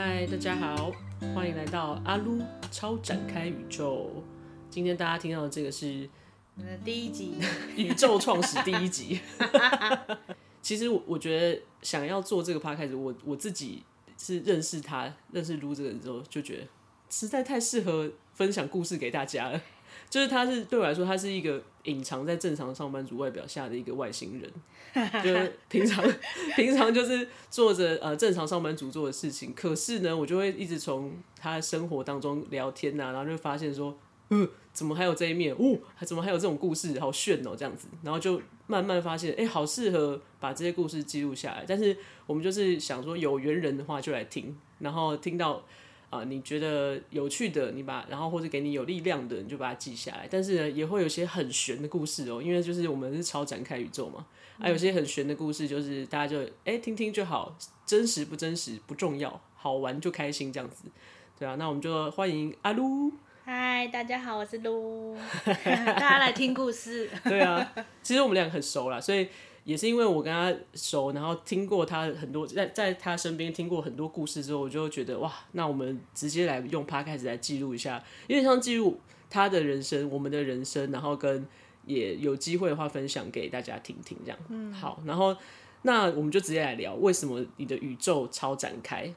嗨，大家好，歡迎來到阿擼超展開宇宙。今天大家聽到的這個是第一集 宇宙創始第一集。 其實我我覺得想要做這個 Podcast，我我自己是認識他，認識擼這個人之後，就覺得實在太適合分享故事給大家了。就是他是對我來說，他是一個隱藏在正常上班族外表下的一個外星人，就是平常、平常就是做着呃正常上班族做的事情，可是呢，我就會一直從他的生活當中聊天吶、啊，然後就會發現說，嗯、呃，怎麼還有這一面？哦，怎麼還有這種故事？好炫哦，這樣子，然後就慢慢發現，哎，好適合把這些故事記錄下來。但是我們就是想說，有緣人的話就來聽，然後聽到。啊、呃，你覺得有趣的，你把然後或者給你有力量的，你就把它記下來。但是也會有些很玄的故事哦，因為就是我們是超展開宇宙嘛，嗯、啊，有些很玄的故事就是大家就哎聽聽就好，真實不真實不重要，好玩就開心這樣子，對啊。那我們就歡迎阿擼，嗨，大家好，我是擼， 大家來聽故事。 對啊，其實我們兩個很熟啦，所以。也是因為我跟他熟，然後聽過他很多，在在他身邊聽過很多故事之後，我就覺得哇，那我們直接來用 podcast 來記錄一下，因為像記錄他的人生，我們的人生，然後跟也有機會的話分享給大家聽聽這樣。嗯，好，然後那我們就直接來聊，為什麼你的宇宙超展開？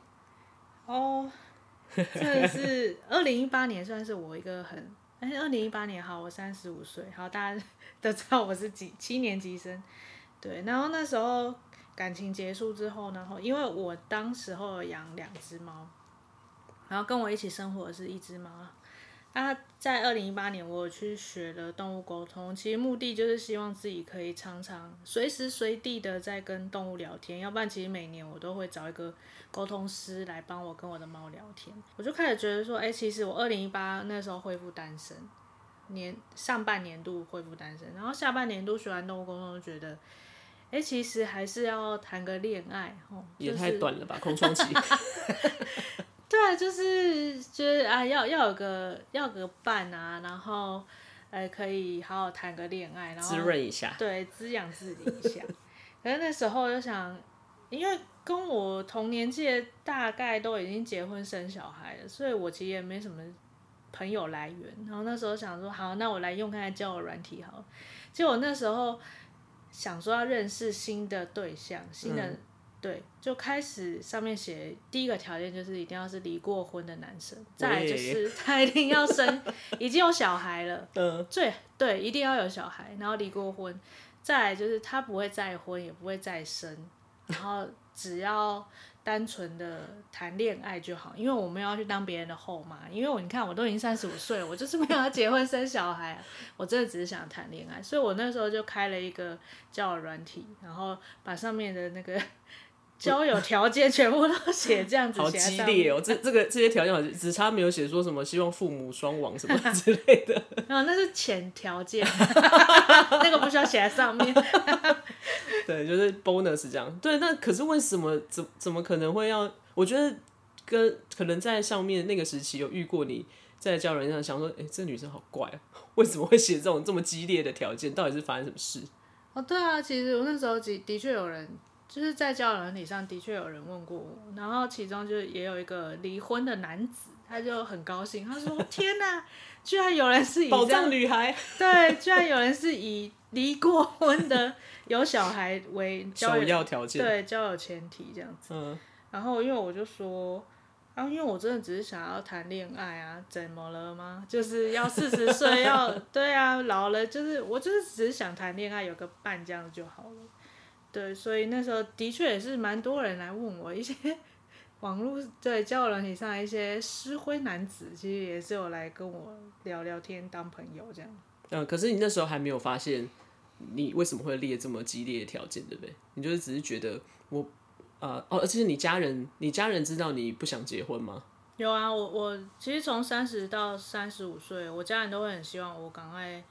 哦，這是二零一八年算是我一個很，但是二零一八年好，我三十五歲，好，大家都知道我是幾七年級生。對，然後那時候感情結束之後，然後因為我當時候養兩隻貓，然後跟我一起生活的是一隻貓，那、啊、在二零一八年我去學了動物溝通，其實目的就是希望自己可以常常隨時隨地的在跟動物聊天，要不然其實每年我都會找一個溝通師來幫我跟我的貓聊天，我就開始覺得說，哎，其實我二零一八那時候恢復單身，年上半年度恢復單身，然後下半年度學完動物溝通就覺得。哎、欸，其實還是要談個戀愛吼、嗯，也太短了吧，就是、 空窗窮期集。 對，就是就是啊，要要有個要有個伴啊，然後呃，可以好好談個戀愛，然後滋潤一下，對，滋養自己一下。 可是那時候就想，因為跟我同年紀的大概都已經結婚生小孩了，所以我其實也沒什麼朋友來源。然後那時候想說，好，那我來用看看交友軟體好了。結果那時候。想說要認識新的對象，新的、嗯、對，就開始上面寫第一個條件就是一定要是離過婚的男生，再來就是他一定要生 已經有小孩了，最、嗯、對，對一定要有小孩，然後離過婚，再來就是他不會再婚也不會再生，然後只要。單純的談戀愛就好，因為我沒有要去當別人的後媽，因為我你看我都已經三十五歲了，我就是沒有要結婚生小孩啊， 我真的只是想談戀愛，所以我那時候就開了一個交友軟體，然後把上面的那個。交友條件全部都寫這樣子，好激烈哦！這這個這些條件好像只差沒有寫說什麼希望父母雙亡什麼之類的。啊、 哦，那是潛條件， 那個不需要寫在上面。 對，就是 bonus 這樣。對，那可是為什麼怎怎麼可能會要？我覺得跟可能在上面那個時期有遇過你，在教人家想說，哎、欸，這個、女生好怪啊，為什麼會寫這種這麼激烈的條件？到底是發生什麼事？哦，對啊，其實我那時候的確有人。就是在交友軟體上，的確有人問過我，然後其中就也有一個離婚的男子，他就很高興，他說：“天哪、啊， 居然有人是以保障女孩， 對，居然有人是以離過婚的有小孩為首要條件，對，交友前提這樣子。嗯”然後因為我就說啊，因為我真的只是想要談戀愛啊，怎麼了嗎？就是要四十歲要對啊，老了就是我就是只是想談戀愛，有個伴這樣子就好了。對，所以那時候的確也是蠻多人來問我一些網絡對交友軟體上一些失婚男子，其實也是有來跟我聊聊天當朋友這樣。嗯，可是你那時候還沒有發現你為什麼會列這麼激烈的條件，對不對？你就是只是覺得我呃哦，而且你家人，你家人知道你不想結婚嗎？有啊，我我其實從三十到三十五歲，我家人都會很希望我趕快。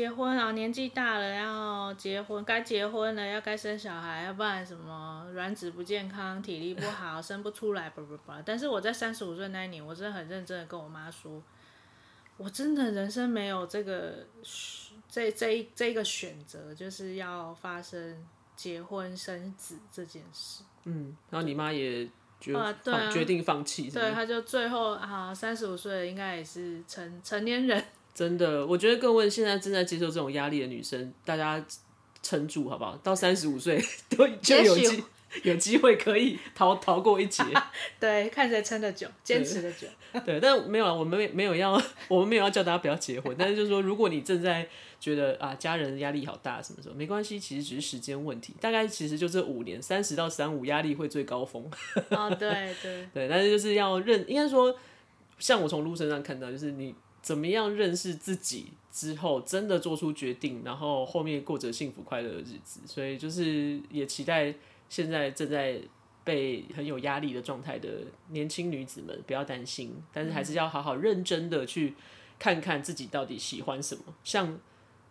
結婚啊，年紀大了要結婚，該結婚了要該生小孩，要不然什麼卵子不健康，體力不好，生不出來，不不不。但是我在三十五歲那一年，我真的很認真的跟我媽說，我真的人生沒有這個這這一這一個選擇，就是要發生結婚生子這件事。嗯，然後你媽也決、啊啊、決定放棄是是，對，她就最後啊，三十五歲應該也是成成年人。真的，我覺得各位現在正在接受這種壓力的女生，大家撐住好不好？到三十五歲都就有機 有機會可以逃逃過一劫。 對，看誰撐得久，堅持得久 對。對，但是沒有了，我們沒有要，我們沒有要叫大家不要結婚。 但是就是說，如果你正在覺得啊，家人壓力好大，什麼時候沒關係，其實只是時間問題，大概其實就這五年，三十到三十五壓力會最高峰。 哦，對對。對，但是就是要認，應該說，像我從路身上看到，就是你。怎麼樣認識自己之後，真的做出決定，然後後面過着幸福快樂的日子。所以就是也期待現在正在被很有壓力的狀態的年輕女子們不要擔心，但是還是要好好認真的去看看自己到底喜歡什麼。嗯、像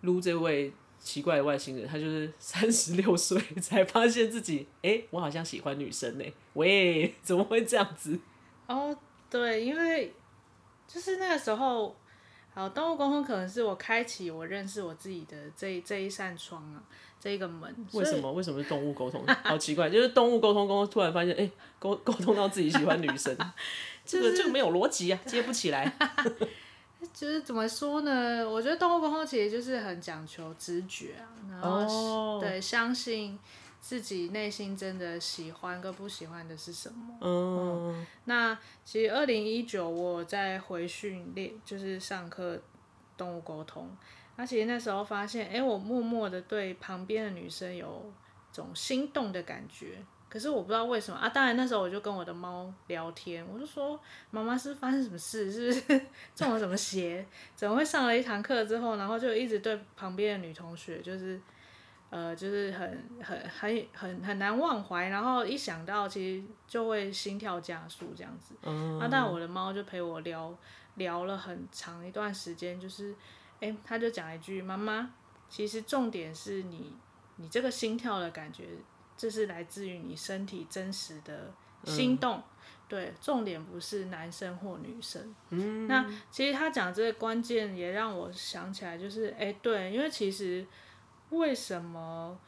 擼這位奇怪的外星人，他就是三十六歲才發現自己，哎、欸，我好像喜歡女生呢。喂，怎麼會這樣子？哦，對，因為就是那個時候。好，動物溝通可能是我開啟我認識我自己的這一這一扇窗啊，這一個門。為什麼為什麼是動物溝通？好奇怪， 就是動物溝通，溝通突然發現，哎、欸，溝溝通到自己喜歡女生， 就是、這個這個沒有邏輯啊，接不起來。 就是怎麼說呢？我覺得動物溝通其實就是很講求直覺、啊、然後、oh. 對相信。自己內心真的喜歡跟不喜歡的是什麼？Oh. 嗯，那其實二零一九我在回訓練，就是上課動物溝通，而且那時候發現，哎、欸，我默默的對旁邊的女生有種心動的感覺，可是我不知道為什麼啊。當然那時候我就跟我的貓聊天，我就說媽媽是,是發生什麼事，是不是中了什麼邪？ 怎麼會上了一堂課之後，然後就一直對旁邊的女同學就是。呃，就是很很很很很難忘懷，然後一想到其實就會心跳加速這樣子。那、嗯啊、但我的貓就陪我聊聊了很長一段時間，就是，哎、欸，他就講一句媽媽，其實重點是你，你這個心跳的感覺，這是來自於你身體真實的心動、嗯，對，重點不是男生或女生。嗯，那其實他講這個關鍵也讓我想起來，就是哎、欸，對，因為其實。為什麼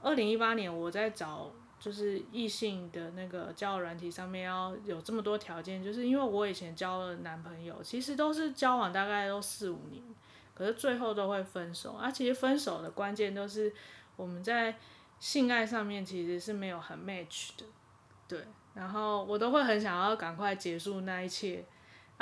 二零一八年，我在找就是異性的那個交友軟體上面要有這麼多條件？就是因為我以前交了男朋友，其實都是交往大概都四五年，可是最後都會分手。而、啊、其實分手的關鍵都是我們在性愛上面其實是沒有很 match 的，對。然後我都會很想要趕快結束那一切。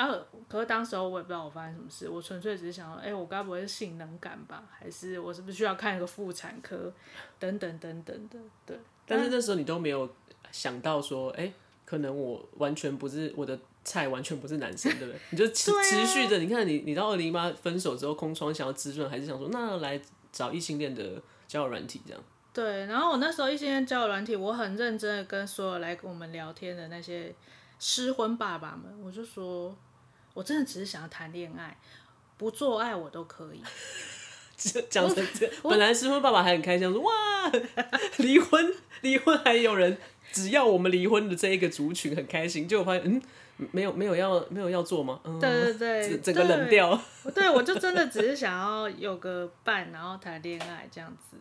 啊！可是當時我也不知道我發生什麼事，我純粹只是想說，哎、欸，我該不會是性冷感吧？還是我是不是需要看一個婦產科？等等等等的，對。但是那時候你都沒有想到說，哎、欸，可能我完全不是我的菜，完全不是男生，對不對？ 你就持，持續着、啊。你看你，你到二零一八分手之後空窗，想要滋潤，還是想說那來找異性戀的交友軟體這樣？對。然後我那時候異性戀交友軟體，我很認真的跟所有來跟我們聊天的那些失婚爸爸們，我就說。我真的只是想要談戀愛，不做愛我都可以。講 成這本來師傅爸爸還很開心說：“哇，離婚離婚還有人，只要我們離婚的這一個族群很開心。”結果發現嗯，沒有沒有要沒有要做嗎？嗯，對對對，整，整個冷掉對。對，我就真的只是想要有個伴，然後談戀愛這樣子，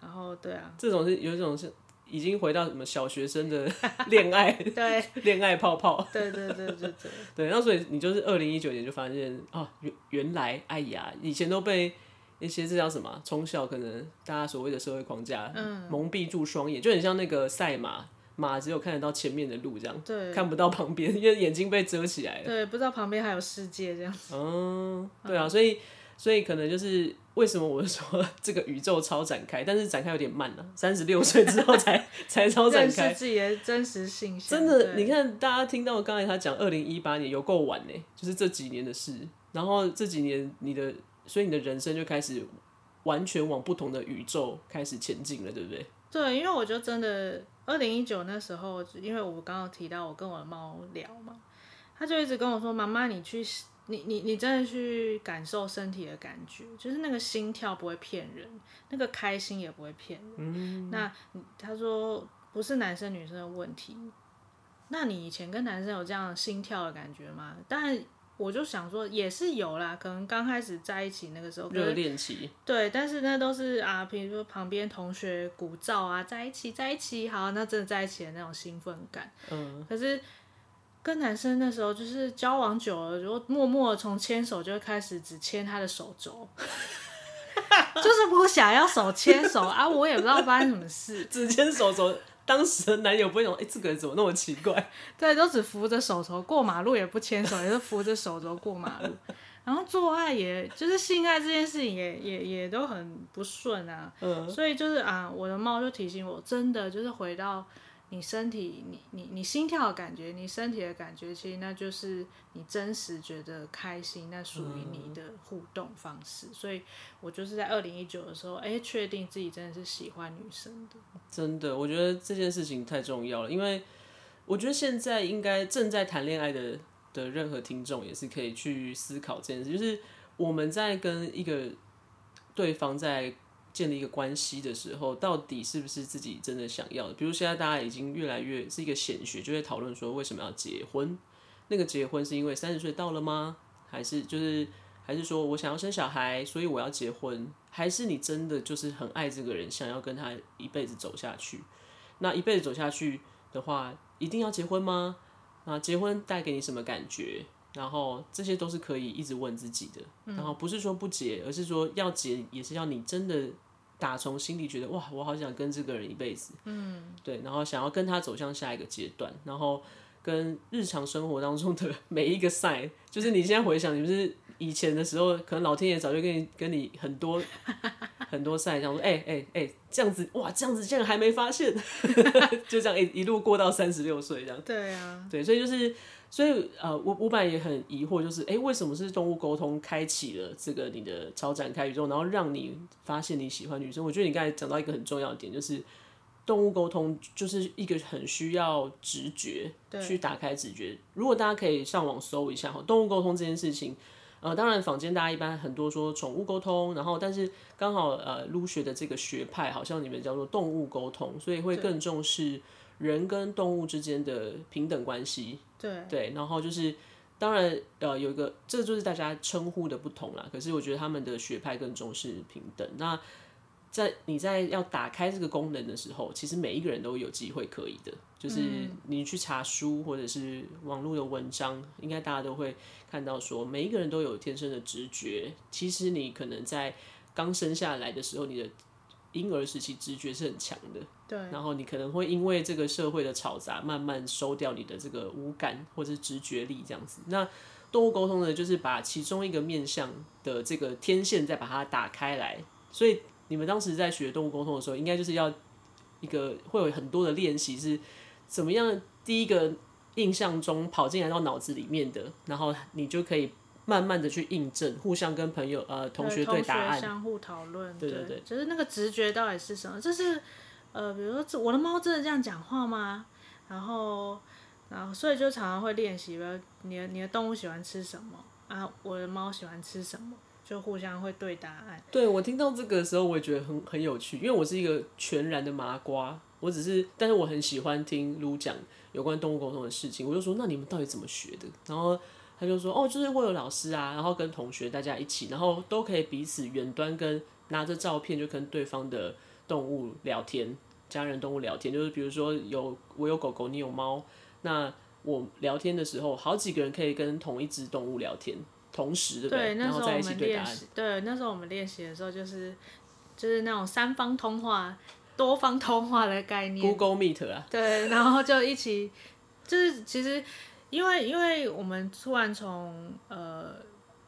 然後對啊，這種是有一種是。已經回到什麼小學生的戀愛，對，戀愛泡泡， 對對對對對，對， 對。然後所以你就是二零一九年就發現哦，原來哎呀，以前都被一些這叫什麼，從小可能大家所謂的社會框架，嗯，蒙蔽住雙眼、嗯，就很像那個賽馬，馬只有看得到前面的路這樣，對，看不到旁邊，因為眼睛被遮起來了，對，不知道旁邊還有世界這樣。哦、嗯，對啊，所以所以可能就是。為什麼我說這個宇宙超展開，但是展開有點慢呢、啊？三十六歲之後才 才超展開。自己的真實信息，真的，你看，大家聽到我剛才他講，二零一八年有夠晚呢，就是這幾年的事。然後這幾年你的，所以你的人生就開始完全往不同的宇宙開始前進了，對不對？對，因為我就真的二零一九那時候，因為我剛剛提到我跟我的貓聊嘛，他就一直跟我說：“媽媽，你去。”你你你真的去感受身體的感覺，就是那個心跳不會騙人，那個開心也不會騙人。嗯。那他說，不是男生女生的問題，那你以前跟男生有這樣心跳的感覺嗎？但我就想說也是有啦，可能剛開始在一起那個時候熱戀期。對，但是那都是啊，比如說旁邊同學鼓譟啊，在一起，在一起，好，那真的在一起的那種興奮感。嗯。可是。跟男生那時候就是交往久了，然後默默從牽手就會開始只牽他的手肘， 就是不想要手牽手 啊！我也不知道發生什麼事，只牽手肘。當時的男友不會哎，這個人怎麼那麼奇怪？”對，都只扶着手，手，手肘過馬路，也不牽手，也是扶着手肘過馬路。然後做愛也，也就是性愛這件事情也，也也也都很不順啊。嗯。所以就是啊，我的貓就提醒我，真的就是回到。你身體，你你你心跳的感覺，你身體的感覺，其實那就是你真實覺得開心，那屬於你的互動方式。嗯、所以我就是在二零一九的時候，哎、欸，確定自己真的是喜歡女生的。真的，我覺得這件事情太重要了，因為我覺得現在應該正在談戀愛的的任何聽眾也是可以去思考這件事，就是我們在跟一個對方在。建立一個關係的時候，到底是不是自己真的想要的？比如現在大家已經越來越是一個顯學，就在討論說為什麼要結婚。那個結婚是因為三十歲到了嗎？還是就是還是說我想要生小孩，所以我要結婚？還是你真的就是很愛這個人，想要跟他一輩子走下去？那一輩子走下去的話，一定要結婚嗎？那結婚帶給你什麼感覺？然後這些都是可以一直問自己的、嗯，然後不是說不解，而是說要解也是要你真的打從心裡覺得哇，我好想跟這個人一輩子，嗯，對，然後想要跟他走向下一個階段，然後跟日常生活當中的每一個 sign，就是你現在回想，你不是以前的時候，可能老天爺早就跟你跟你很多很多 sign，像說哎哎哎這樣子哇，這樣子竟然還沒發現， 就這樣一一路過到三十六歲這樣，對啊，對，所以就是。所以，呃，我我本來也很疑惑，就是，哎、欸，為什麼是動物溝通開啟了這個你的超展開宇宙，然後讓你發現你喜歡女生？我覺得你剛才講到一個很重要的點，就是動物溝通就是一個很需要直覺，對，去打開直覺。如果大家可以上網搜一下哈，動物溝通這件事情，呃，當然坊間大家一般很多說寵物溝通，然後但是剛好呃，擼學的這個學派好像你們叫做動物溝通，所以會更重視人跟動物之間的平等關係。對對，然後就是，當然，呃，有一個，這就是大家稱呼的不同啦。可是我覺得他們的學派更重視平等。那在你在要打開這個功能的時候，其實每一個人都有機會可以的。就是你去查書或者是網絡的文章，嗯，應該大家都會看到說，每一個人都有天生的直覺。其實你可能在剛生下來的時候，你的嬰兒時期直覺是很強的，對。然後你可能會因為這個社會的吵雜，慢慢收掉你的這個五感或者是直覺力這樣子。那動物溝通呢，就是把其中一個面向的這個天線再把它打開來。所以你們當時在學動物溝通的時候，應該就是要一個會有很多的練習，是怎麼樣第一個印象中跑進來到腦子裡面的，然後你就可以。慢慢的去印證，互相跟朋友、呃同學對答案，同學相互討論。對對對，對，就是那個直覺到底是什麼？就是，呃，比如說，我的貓真的這樣講話嗎？然後，然後，所以就常常會練習，比如你的你的動物喜歡吃什麼啊？我的貓喜歡吃什麼？就互相會對答案。對我聽到這個時候，我也覺得很很有趣，因為我是一個全然的麻瓜，我只是，但是我很喜歡聽盧講有關動物溝通的事情，我就說，那你們到底怎麼學的？然後。他就說：“哦，就是會有老師啊，然後跟同學大家一起，然後都可以彼此遠端跟拿着照片就跟對方的動物聊天，家人動物聊天。就是比如說有我有狗狗，你有貓，那我聊天的時候，好幾個人可以跟同一隻動物聊天，同時的，然後在一起對答案，對，那時候我們練習，對，那時候我們練習的時候就是就是那種三方通話、多方通話的概念，Google Meet 啊。對，然後就一起，就是其實。”因為，因為我們突然從呃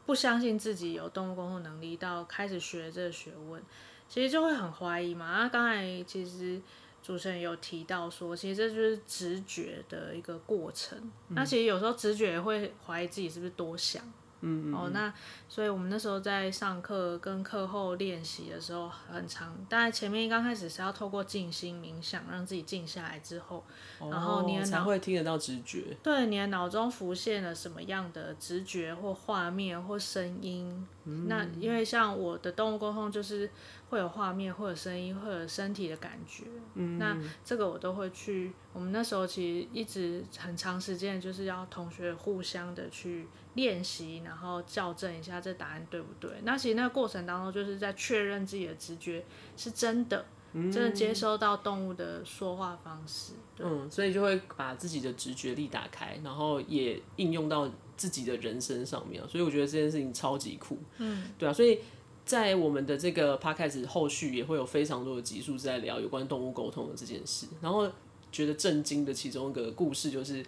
不相信自己有動物溝通能力，到開始學這個學問，其實就會很懷疑嘛。那剛才其實主持人有提到說，其實這就是直覺的一個過程。嗯、那其實有時候直覺也會懷疑自己是不是多想。嗯哦、嗯，oh, 那所以，我們那時候在上課跟課後練習的時候很長，但前面剛開始是要透過靜心冥想，讓自己靜下來之後，哦、然後你的腦才會聽得到直覺。對，你的腦中浮現了什麼樣的直覺或畫面或聲音、嗯？那因為像我的動物溝通，就是會有畫面、會有聲音、會有身體的感覺、嗯。那這個我都會去。我們那時候其實一直很長時間，就是要同學互相的去，練習，然後校正一下這答案對不對。那其實那個過程當中，就是在確認自己的直覺是真的，嗯、真的接收到動物的說話方式，對。嗯，所以就會把自己的直覺力打開，然後也應用到自己的人生上面。所以我覺得這件事情超級酷。嗯，對啊，所以在我們的這個 podcast 後續也會有非常多的集數在聊有關動物溝通的這件事。然後覺得震驚的其中一個故事就是，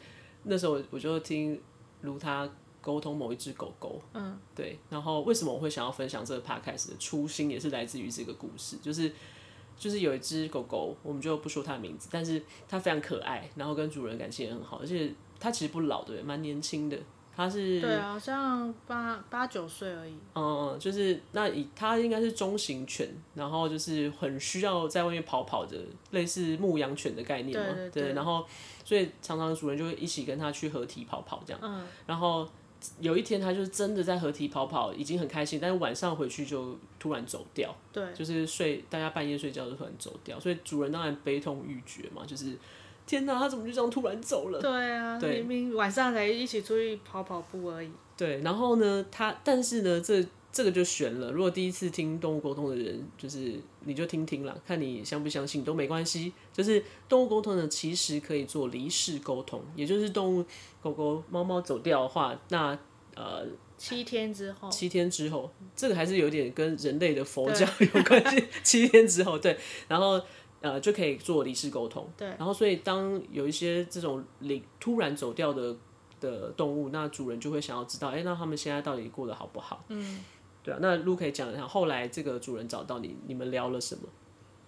那時候我就聽如他。溝通某一隻狗狗，嗯，對，然後為什麼我會想要分享這個 podcast 的初心，也是來自於這個故事，就是，就是有一隻狗狗，我們就不說它的名字，但是它非常可愛，然後跟主人感情也很好，而且它其實不老的，蠻年輕的，它是，對啊，像八八九歲而已，嗯，就是那以它應該是中型犬，然後就是很需要在外面跑跑的，類似牧羊犬的概念嘛，對，對，對，對，然後所以常常主人就會一起跟它去河堤跑跑這樣，嗯，然後。有一天，他就是真的在河堤跑跑，已經很開心。但是晚上回去就突然走掉，對，就是睡，大家半夜睡覺就突然走掉。所以主人當然悲痛欲絕嘛，就是天哪，他怎麼就這樣突然走了？對啊，對，明明晚上才一起出去跑跑步而已。對，然後呢，他，但是呢，這。這個就懸了。如果第一次聽動物溝通的人，就是你就聽聽啦，看你相不相信都沒關係。就是動物溝通呢，其實可以做離世溝通，也就是動物狗狗、貓貓走掉的話，那呃，七天之後，七天之後、嗯，這個還是有點跟人類的佛教有關係。七天之後，對，然後呃，就可以做離世溝通。對，然後所以當有一些這種突然走掉的的動物，那主人就會想要知道，哎，那他們現在到底過得好不好？嗯。對啊，那 Luke 講一下，後來這個主人找到你，你們聊了什麼？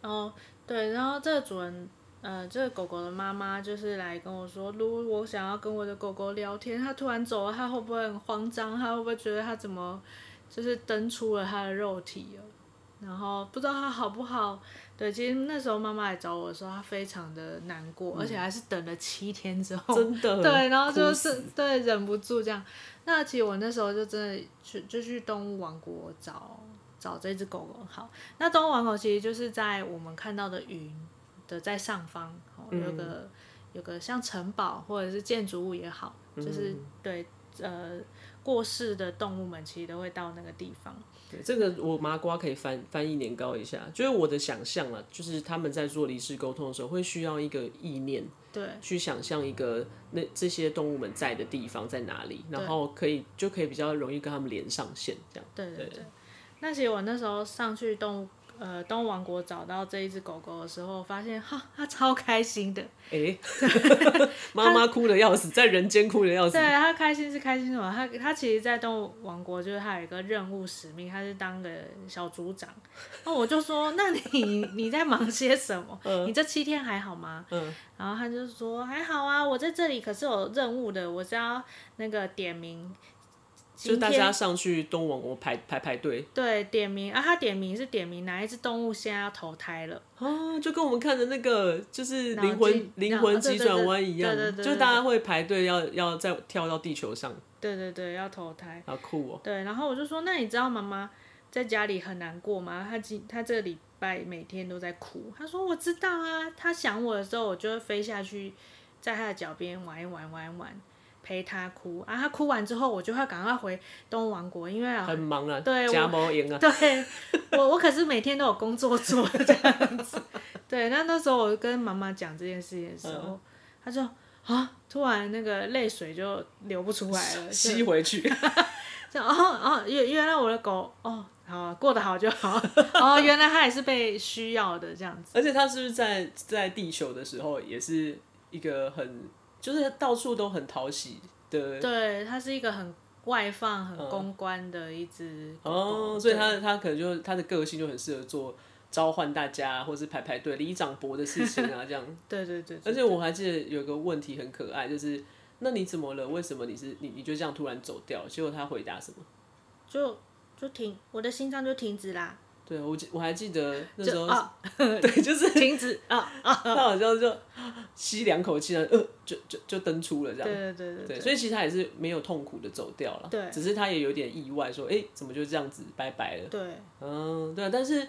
哦、oh，對，然後這個主人，呃，這個狗狗的媽媽就是來跟我說，如果我想要跟我的狗狗聊天，它突然走了，它會不會很慌張？它會不會覺得它怎麼就是登出了它的肉體了？然後不知道它好不好。對，其實那時候媽媽來找我的時候，她非常的難過，嗯，而且還是等了七天之後，真的，對，然後就是對忍不住這樣。那其實我那時候就真的去，就去動物王國找找這隻狗狗。好，那動物王國其實就是在我們看到的雲的在上方，喔，有個，嗯，有個像城堡或者是建築物也好，嗯，就是對，呃，過世的動物們其實都會到那個地方。對這個，我麻瓜可以翻翻譯年糕一下，就是我的想象啊，就是他們在做離世溝通的時候，會需要一個意念，對，去想象一個那這些動物們在的地方在哪裡，然後可以就可以比較容易跟他們連上線，這樣。對對對，對那其實我那時候上去動物。呃，動物王國找到這一隻狗狗的時候，發現哈，它超開心的。哎、欸，媽 媽哭得要死，在人間哭得要死。他，對，它開心是開心什麼？我它它其實在動物王國，就是它有一個任務使命，它是當個小組長。那我就說，那你你在忙些什麼？嗯？你這七天還好嗎？嗯、然後他就說還好啊，我在這裡可是有任務的，我是要那個點名。就大家上去動物王國排排排隊，對，點名啊，他點名是點名哪一隻動物現在要投胎了啊，就跟我們看的那個就是靈魂靈魂急轉彎一樣，對對對對對對，就大家會排隊要要再跳到地球上，對對對，要投胎，好酷哦、喔。對，然後我就說，那你知道媽媽在家裡很難過嗎？她今她這個禮拜每天都在哭。她說我知道啊，她想我的時候，我就飛下去，在她的腳邊玩一玩玩一玩。陪他哭啊，他哭完之後，我就會趕快回東王國，因為很忙啊，對，吃貓營啊，對我，我可是每天都有工作做這樣子。 對，那那時候我跟媽媽講這件事情的時候，她、哎、說啊，突然那個淚水就流不出來了，吸回去。然 哦，原、哦、原來我的狗哦，好過得好就好。 哦，原來它也是被需要的這樣子。而且它是不是在在地球的時候也是一個很。就是到處都很討喜的，對，它是一個很外放、很公關的一隻、哦。哦，所以它它可能就它的個性就很適合做召喚大家，或是排排隊、里長伯的事情啊， 這樣。對對對，對。而且我還記得有一個問題很可愛，就是那你怎麼了？為什麼你是你你就這樣突然走掉？結果他回答什麼？就就停，我的心臟就停止啦。對，我記我還記得那時候，啊、 對，就是停止啊啊！啊 他好像就吸兩口氣，呃，就就就登出了這樣。對對對，對。對，對，對，所以其實他也是沒有痛苦的走掉了，對，只是他也有點意外，說，哎、欸，怎麼就這樣子拜拜了？對，嗯，對。但是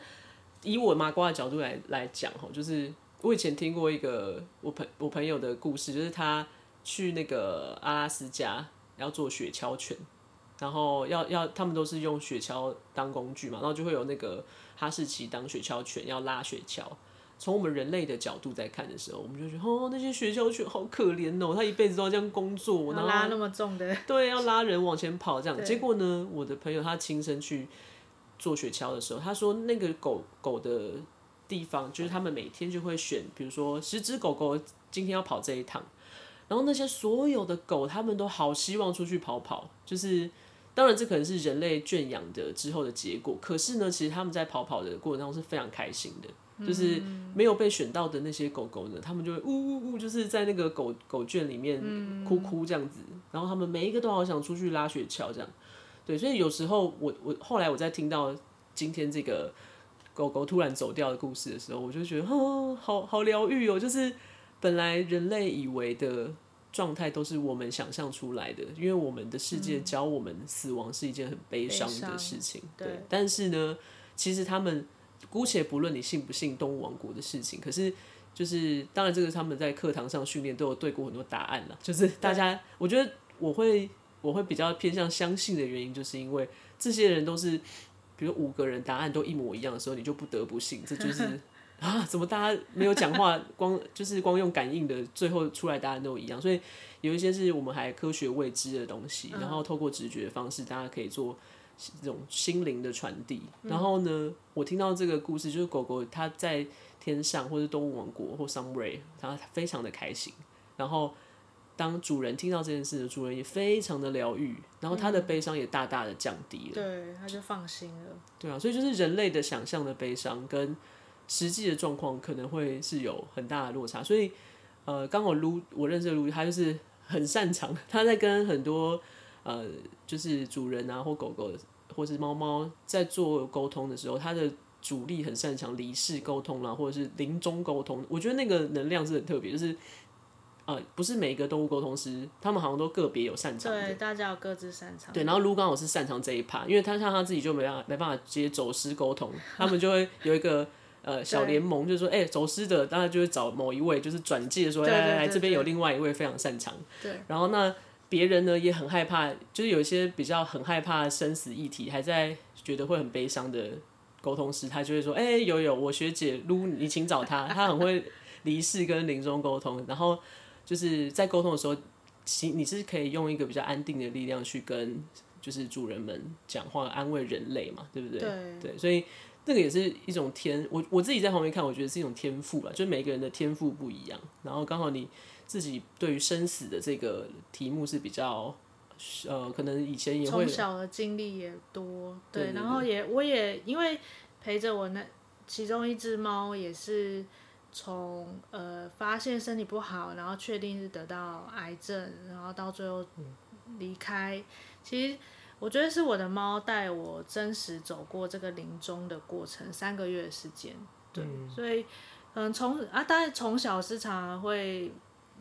以我麻瓜的角度來來講齁，就是我以前聽過一個我朋我朋友的故事，就是他去那個阿拉斯加要做雪橇犬。然後要要，他們都是用雪橇當工具嘛，然後就會有那個哈士奇當雪橇犬要拉雪橇。從我們人類的角度在看的時候，我們就覺得哦，那些雪橇犬好可憐哦，它一輩子都要這樣工作，然後拉那麼重的，對，要拉人往前跑這樣。結果呢，我的朋友他親身去坐雪橇的時候，他說那個狗狗的地方，就是他們每天就會選，比如說十隻狗狗今天要跑這一趟。然後那些所有的狗，他們都好希望出去跑跑，就是當然這可能是人類圈養的之後的結果。可是呢，其實他們在跑跑的過程當中是非常開心的、嗯。就是沒有被選到的那些狗狗呢，他們就會嗚嗚嗚，就是在那個狗狗圈裡面哭哭這樣子、嗯。然後他們每一個都好想出去拉雪橇這樣。對，所以有時候我我後來我在聽到今天這個狗狗突然走掉的故事的時候，我就覺得，哼、哦，好好療癒哦，就是。本來人類以為的狀態都是我們想象出來的，因為我們的世界教我們死亡是一件很悲傷的事情。嗯、對，對，但是呢，其實他們姑且不論你信不信動物王國的事情，可是就是當然，這個他們在課堂上訓練都有對過很多答案了。就是大家，我覺得我會我會比較偏向相信的原因，就是因為這些人都是，比如說五個人答案都一模一樣的時候，你就不得不信，這就是。 啊！怎麼大家沒有講話光，光 就是光用感應的，最後出來答案都一樣。所以有一些是我們還科學未知的東西，然後透過直覺的方式，大家可以做這種心靈的傳遞。然後呢、嗯，我聽到這個故事，就是狗狗它在天上或是動物王國或 somewhere 它非常的開心。然後當主人聽到這件事，主人也非常的療癒，然後他的悲傷也大大的降低了、嗯。對，他就放心了。對啊，所以就是人類的想象的悲傷跟。實際的狀況可能會是有很大的落差，所以，呃，剛好擼，我認識的擼，他就是很擅長。他在跟很多呃，就是主人啊，或狗狗，或是貓貓，在做溝通的時候，他的主力很擅長離世溝通啦、啊，或者是臨終溝通。我覺得那個能量是很特別，就是，呃，不是每一個動物溝通師，他們好像都個別有擅長。對，大家有各自擅長。對，然後擼剛好是擅長這一趴，因為他像他自己就沒法沒辦法直接走失溝通，他們就會有一個。 呃，小聯盟就是說，哎、欸，走失的，當然就是找某一位，就是轉介的時候，來來這邊有另外一位非常擅長。對，對，對，對。然後那別人呢也很害怕，就是有一些比較很害怕生死議題，還在覺得會很悲傷的溝通師，他就會說，哎、欸，有有，我學姐擼，你請找他，他很會離世跟臨終溝通。 然後就是在溝通的時候，其你是可以用一個比較安定的力量去跟就是主人們講話，安慰人類嘛，對不對？對，對所以。這、那個也是一種天，我我自己在旁邊看，我覺得是一種天賦吧，就是每個人的天賦不一樣。然後剛好你自己對於生死的這個題目是比較，呃，可能以前也會從小的經歷也多，對,對,對,對，然後也我也因為陪着我那其中一隻貓也是從呃發現身體不好，然後確定是得到癌症，然後到最後離開、嗯，其實。我覺得是我的貓帶我真實走過這個臨終的過程，三個月的時間，對，所以，嗯，從啊，當然從小時常，常會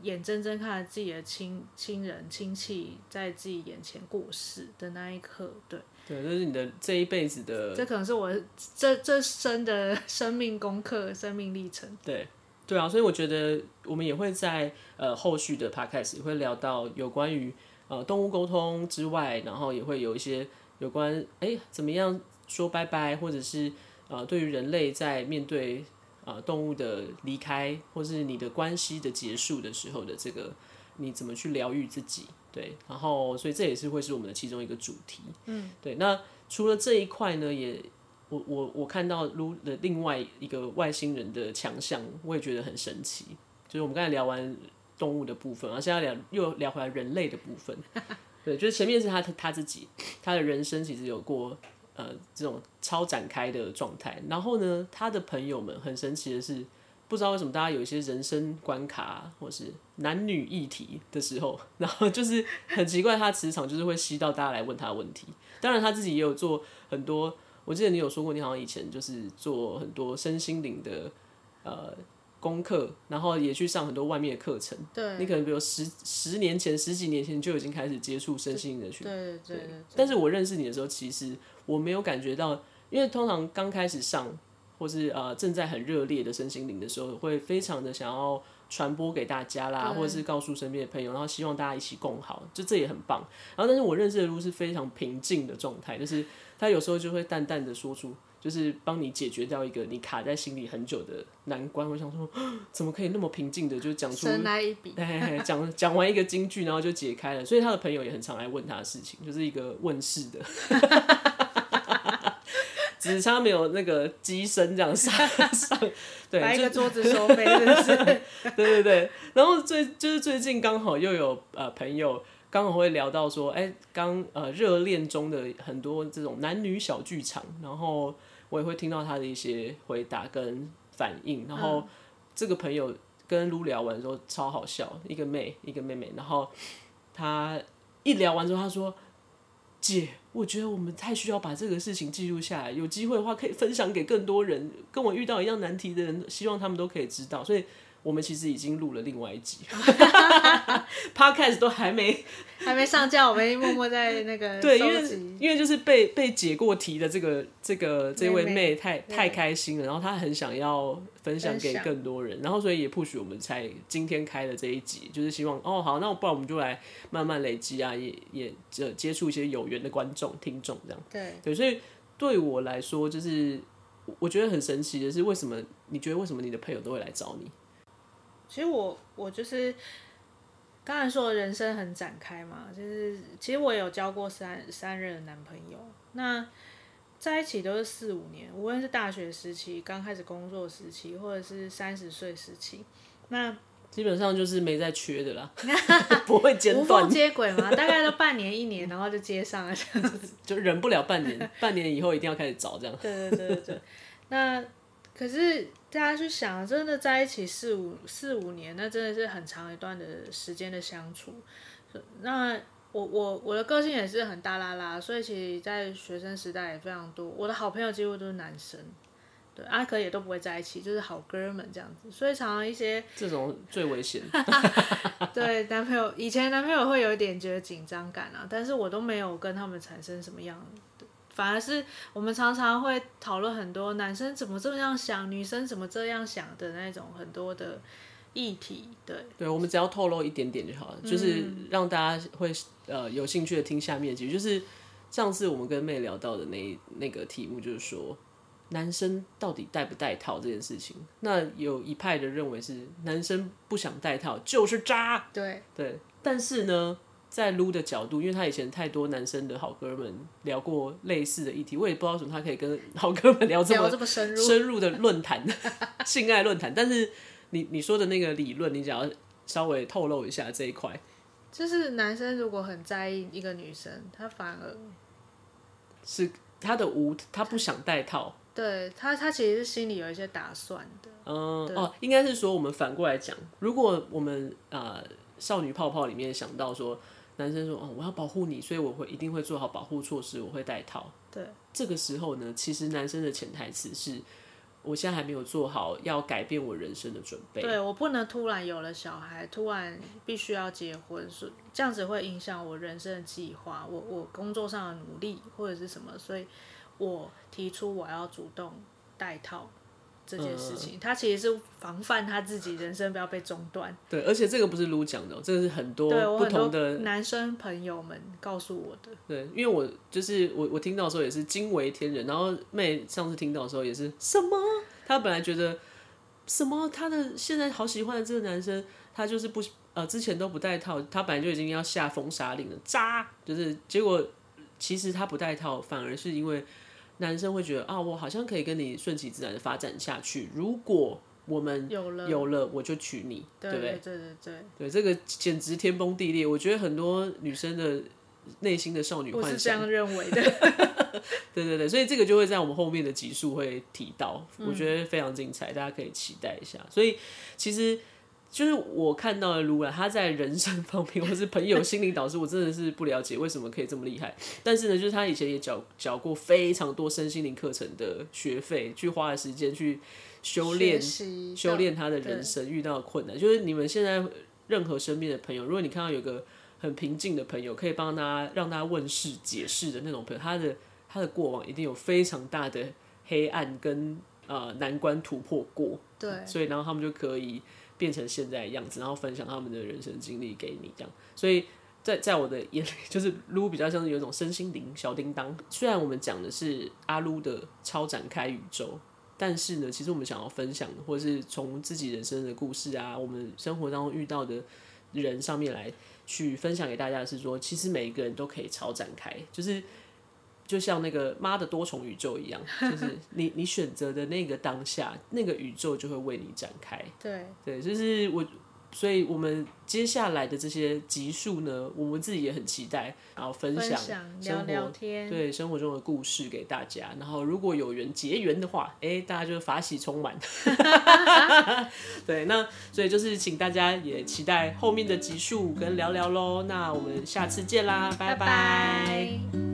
眼睜睜看着自己的親親人、親戚在自己眼前過世的那一刻，對，對，這、就是你的這一輩子的，這可能是我這這生的生命功課、生命歷程，對，對啊，所以我覺得我們也會在呃後續的 podcast 會聊到有關於。呃，動物溝通之外，然後也會有一些有關，哎，怎麼樣說拜拜，或者是呃，對於人類在面對啊、呃，動物的離開，或是你的關係的結束的時候的這個，你怎麼去療癒自己？對，然後所以這也是會是我們的其中一個主題。嗯，對。那除了這一塊呢，也我我我看到 Lu 的另外一個外星人的強項，我也覺得很神奇。就是我們剛才聊完。動物的部分，然後現在聊又聊回來人類的部分，對，就是前面是他他自己，他的人生其實有過呃這種超展開的狀態。然後呢，他的朋友們很神奇的是，不知道為什麼大家有一些人生關卡或是男女議題的時候，然後就是很奇怪，他磁場就是會吸到大家來問他的問題。當然他自己也有做很多，我記得你有說過，你好像以前就是做很多身心靈的呃。功課，然後也去上很多外面的課程。對，你可能比如十十年前、十幾年前就已經開始接觸身心靈的學。對，對，對，對，對，對。但是我認識你的時候，其實我沒有感覺到，因為通常剛開始上，或是呃正在很熱烈的身心靈的時候，會非常的想要。傳播給大家啦，或者是告訴身邊的朋友，然後希望大家一起共好，就這也很棒。然後，但是我認識的路是非常平靜的狀態，就是他有時候就會淡淡的說出，就是幫你解決掉一個你卡在心裡很久的難關。我想說，怎麼可以那麼平靜的就講出神來一筆？哎，講講完一個金句，然後就解開了。所以他的朋友也很常來問他的事情，就是一個問事的。 只差沒有那個機身這樣上對，擺 一個桌子收費是不是？ 對對對。然後最就是最近剛好又有呃朋友剛好會聊到說，哎、欸，剛呃熱戀中的很多這種男女小劇場，然後我也會聽到他的一些回答跟反應。然後這個朋友跟盧聊完之後超好笑，一個妹一個妹妹，然後他一聊完之後他說。姐，我覺得我們太需要把這個事情記錄下來，有機會的話可以分享給更多人，跟我遇到一樣難題的人，希望他們都可以知道。所以。我們其實已經錄了另外一集 ，Podcast 都還沒還沒上架， 我們默默在那個，對，因為因為就是被被解過題的這個這個妹妹這位妹太太開心了、嗯，然後她很想要分享給更多人，然後所以也不 u 我們才今天開的這一集，就是希望哦，好，那我不然我們就來慢慢累積啊，也也、呃、接觸一些有緣的觀眾聽眾這樣對對，所以對我來說，就是我覺得很神奇的是，為什麼你覺得為什麼你的朋友都會來找你？其實我我就是剛才說的人生很展開嘛，就是其實我有交過三三任男朋友，那在一起都是四五年，無論是大學時期、剛開始工作時期，或者是三十歲時期，那基本上就是沒再缺的啦， 不會間 間斷，無縫接軌嘛，大概都半年一年，然後就接上了 就，就忍不了半年，半年以後一定要開始找這樣，對 對對對對，那可是大家去想，真的在一起四五四五年，那真的是很長一段的時間的相處。那我我我的個性也是很大剌剌，所以其實在學生時代也非常多，我的好朋友幾乎都是男生。對啊，可能也都不會在一起，就是好哥們這樣子。所以常常一些這種最危險 。 對，男朋友以前男朋友會有一點覺得緊張感啊，但是我都沒有跟他們產生什麼樣反而是我們常常會討論很多男生怎麼這樣想，女生怎麼這樣想的那種很多的議題。對對，我們只要透露一點點就好了，嗯、就是讓大家會呃有興趣的聽下面其實，就是上次我們跟妹聊到的那那個題目，就是說男生到底戴不戴套這件事情。那有一派的認為是男生不想戴套就是渣，對對，但是呢。嗯在擼的角度。因為他以前太多男生的好哥們聊過類似的議題，我也不知道怎麼他可以跟好哥們聊這麼深入深入的論壇。 性愛論壇。但是你你說的那個理論，你只要稍微透露一下這一塊，就是男生如果很在意一個女生，他反而是他的無，他不想戴套。對他，他其實是心裡有一些打算的。嗯，哦，應該是說我們反過來講，如果我們啊、呃、少女泡泡裡面想到說。男生說：“哦，我要保護你，所以我會一定會做好保護措施，我會戴套。”對，這個時候呢，其實男生的潛台詞是，我現在還沒有做好要改變我人生的準備。對，我不能突然有了小孩，突然必須要結婚，所以這樣子會影響我人生的計劃，我我工作上的努力或者是什麼，所以我提出我要主動戴套。這件事情、呃，他其實是防範他自己人生不要被中斷。對，而且這個不是擼講的，這個、是很多不同的男生朋友們告訴我的。對，因為我就是我，我聽到的時候也是驚為天人。然後妹上次聽到的時候也是什麼？她本來覺得什麼？她的現在好喜歡的這個男生，他就是不呃，之前都不戴套，他本來就已經要下封殺令了，渣就是。結果其實他不戴套，反而是因為。男生會覺得啊，我好像可以跟你順其自然的發展下去。如果我們有了有了，我就娶你，對不對，對，對？對對，這個簡直天崩地裂。我覺得很多女生的內心的少女幻想，我是這樣認為的。 對對對，所以這個就會在我們後面的集數會提到，我覺得非常精彩，嗯，大家可以期待一下。所以其實。就是我看到的盧安，他在人生方面，或是朋友、心靈導師，我真的是不了解為什麼可以這麼厲害。但是呢，就是他以前也繳繳過非常多身心靈課程的學費，去花了時間去修煉、修煉他的人生遇到的困難。就是你們現在任何身邊的朋友，如果你看到有個很平靜的朋友，可以幫他讓他問事解釋的那種朋友，他的他的過往一定有非常大的黑暗跟呃難關突破過。對，所以然後他們就可以。變成現在的樣子，然後分享他們的人生經歷給你，這樣。所以在，在在我的眼裡，就是擼比較像是有一種身心靈小叮噹。雖然我們講的是阿擼的超展開宇宙，但是呢，其實我們想要分享，或是從自己人生的故事啊，我們生活當中遇到的人上面來去分享給大家，是說，其實每一個人都可以超展開，就是。就像那個媽的多重宇宙一樣， 就是你你選擇的那個當下，那個宇宙就會為你展開。對對，就是我，所以我們接下來的這些集數呢，我們自己也很期待，然後分享，生活分享聊聊天，對生活中的故事給大家。然後如果有緣結緣的話，哎、欸，大家就法喜充滿。 對，那所以就是請大家也期待後面的集數跟聊聊嘍、嗯。那我們下次見啦，嗯、拜拜。拜拜。